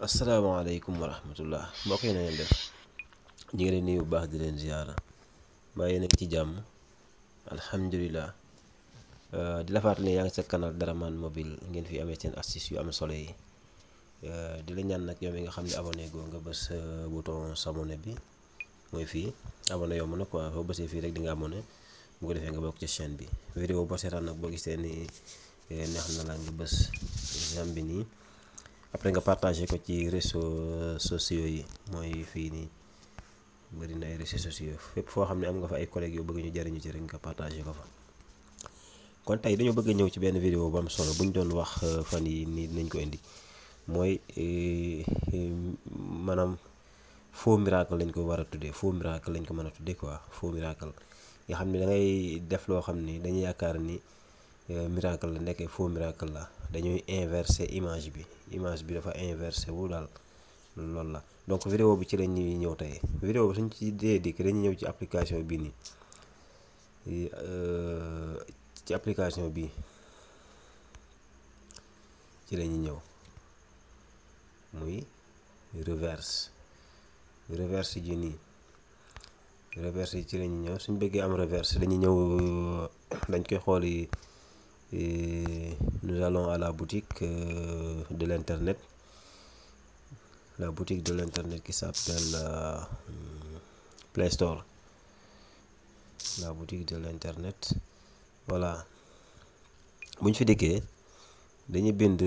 asalaamaaleykum wa rahmatullah mbokk yi na ngeen ñu ngi leen nuyu bu baax di leen ziyaara bàyyi nag ci jàmm alhamdulilah euh, di la fàttali ne yaa ngi sa dara Daraman mobile ngeen fi amee seen astuce yu am solo euh, di la ñaan nag yow mi nga xam ne abone goo nga bës euh, bouton s'abonner bi mooy fii abonné yomb na quoi foo bësee fii rek di nga abonné bu ko defee nga bokk ci chaîne bi vidéo boo seetaan nag boo gisee ni neex na la nga bës jàmm bi nii. après nga partagé ko ci réseaux sociaux yi mooy fii nii bëri na ay réseaux sociaux fépp foo xam ne am nga fa ay collègues yoo bëgg ñu jëriñu ci rek nga partagé ko fa. kon tey dañoo bëgg a ñëw ci benn vidéo bu am solo bu ñu doon wax euh, fan yi nii nañ ko indi mooy euh, euh, maanaam faux miracle lañ ko war a tuddee foo miracle lañ ko mën a tuddee quoi faux miracle nga xam ne dangay def loo xam ni dañuy yaakaar nii Euh, miracle la nekkee faux miracle la dañuy inverser image bi image bi dafa inverser wu daal loolu la donc vidéo bi ci la ñuy ñëw tey vidéo bi suñ ci dee dikk dañuy ñëw ci application bii nii euh, ci application bii ci la ñuy ñëw muy reverse reverse ji nii reverse yi ci la ñëw suñ bëggee am reverse dañuy ñëw dañ koy xool et nous allons à la boutique euh, de l'internet la boutique de l'internet ki s'appelle euh, Play Store la boutique de l'internet voilà bu ñu fi dikkee dañuy bind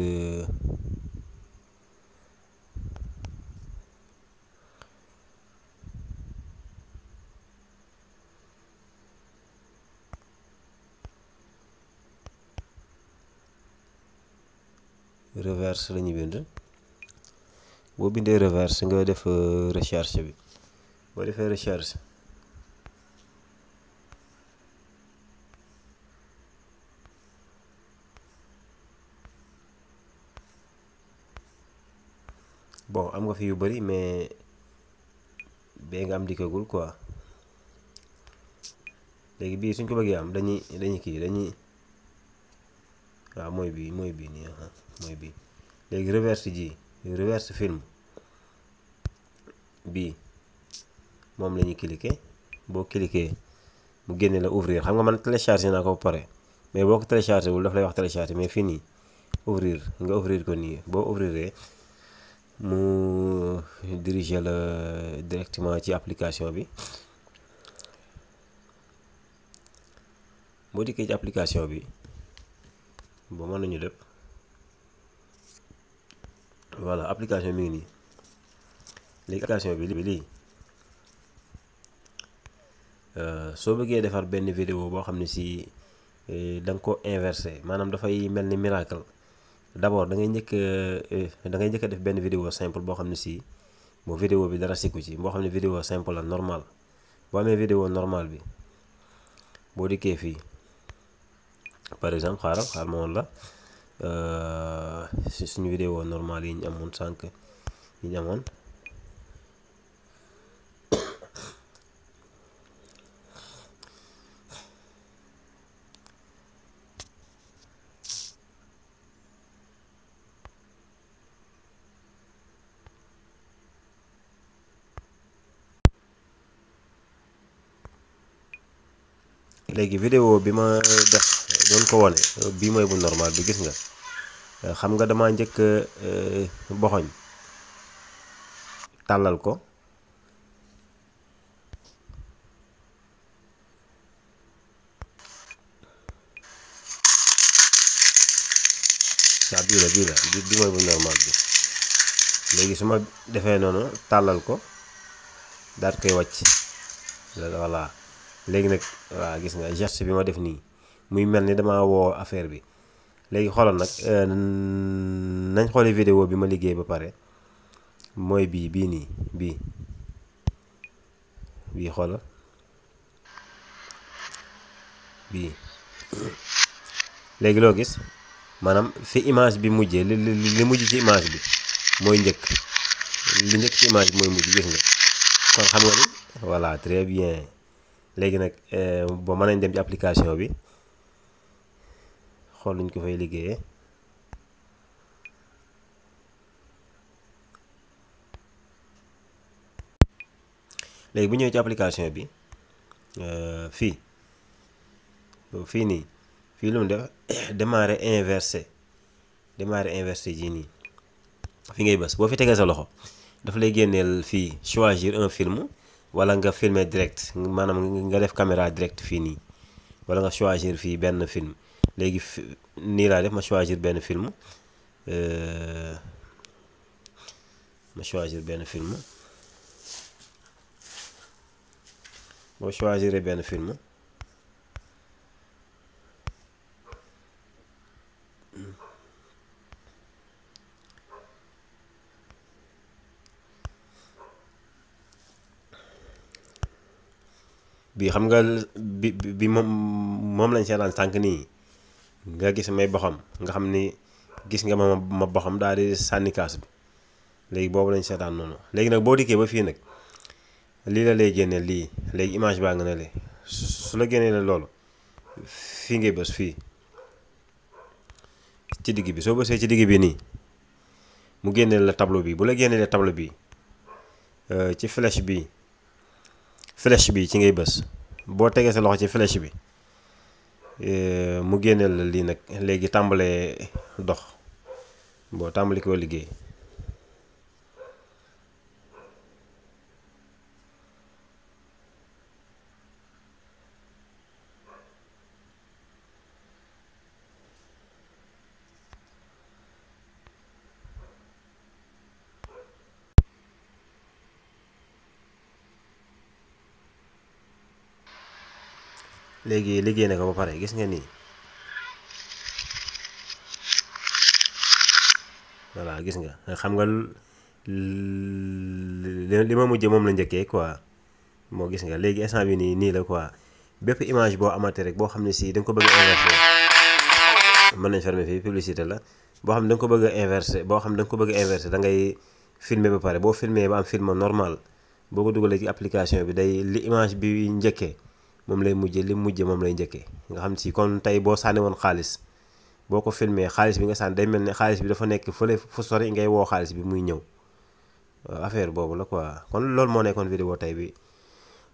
reverse la ñu bind boo bindee reverse nga def euh, recherche bi boo defee recherche bon am nga fi yu bari mais bee nga am dikkagul quoi léegi bii suñ ko bëggee am dañuy dañu kii dañuy waaw mooy bii mooy bii nii mooy bii léegi reverse ji reverse film bii moom lañuy ñu boo cliquer mu génnee la ouvrir xam nga man téléchargé naa ko ba pare mais boo ko téléchargé wul daf lay wax téléchargé mais fii nii ouvrir nga ouvrir ko nii boo ouvriree mu diriger la directement ci application bi boo dikkee ci application bi. bon mën nañu lépp voilà application mi ngi nii léegi application bi bi lii euh, soo bëggee defar benn vidéo boo xam ne si eh, da nga ko inversé maanaam dafay mel ni miracle d'abord da ngay njëkk eh, da njëkk def benn vidéo simple boo xam ne si bon vidéo bi dara sikku ci boo xam ne vidéo simple la normal boo amee vidéo normal bi boo dikkee fii par exemple xaaral xaaral ma woon la euh, si suñu vidéo normal yi ñu amoon sànq yi ñu amoon léegi vidéo bi ma def doon ko wone bii mooy bu normal bi gis nga xam nga dama njëkk euh, boxoñ tàllal ko waaw bii la bii la bii mooy bu normal bi léegi su ma defee noonu tàllal ko daal koy wàcc voilà léegi nag waaw gis nga geste bi ma def nii muy mel ni dama woo affaire bi léegi xoolal nag euh, nañ xoole vidéo bi ma liggéey ba pare mooy bii bii nii bii bii xoolal bii léegi loo gis maanaam fi image bi mujjee li li mujj ci image bi mooy njëkk li njëkk ci image bi mooy mujj gis nga kon xam nga ni voilà très bien léegi nag eh, ba mën nañ dem ci application bi xool luñ ko fay liggéeyee léegi bu ñëwee ci application bi eh, fii fii nii fii lu mu def démarrer inversé démarrer inversé ji nii fi ngay bës boo fi tegee sa loxo dafa lay génneel fii choisir un film wala nga filmer direct maanaam nga def caméra direct fii nii wala nga choisir fii benn film léegi nii laa def ma choisir benn film euh, ma choisir benn film boo choisir benn film xam nga bi bi moom moom lañ seetaan sànq nii nga gis may boxam nga xam ni gis nga ma ma boxam daal di sànni kaas bi léegi boobu lañ seetaan noonu léegi nag boo dikkee ba fii nag lii la lay génne lii léegi image baa nga ne le su la génnee la loolu fii ngay bës fii ci digg bi soo bësee ci digg bi nii mu génnee la tableau bi bu la génnee la tableau bi euh, ci flèche bi flèche bi ci ngay bés boo tegee sa loxo ci flèche bi eh, mu génneel la lii nag léegi tàmbalee dox boo tàmbali koo liggéey léegi liggéey na ko ba pare gis nga nii voilà gis nga xam nga li ma mujjee moom la njëkkee quoi moo gis nga léegi instant bi nii nii la quoi bépp image boo amatee rek boo xam ne sii da ko bëgg a mën nañ fermer fii publicité la boo xam ne da nga ko bëgg a boo xam ne da nga ko bëgg a inversé da ngay filmer ba pare boo filmer ba am film normal boo ko dugalee ci application bi day li image bi njëkkee moom lay mujje li mujje moom lay njëkkee nga xam si kon tey boo sànni woon xaalis boo ko filmé xaalis bi nga sànni day mel ni xaalis bi dafa nekk fële fu sore ngay woo xaalis bi muy ñëw euh, affaire boobu la quoi kon loolu moo nekkoon vidéo tey bi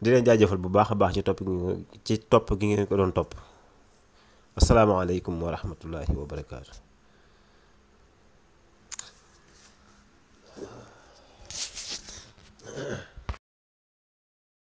di leen jaajëfal bu baax a baax ci topp ci topp gi ngeen ko doon topp asalaamaaleykum wa rahmatullahi wa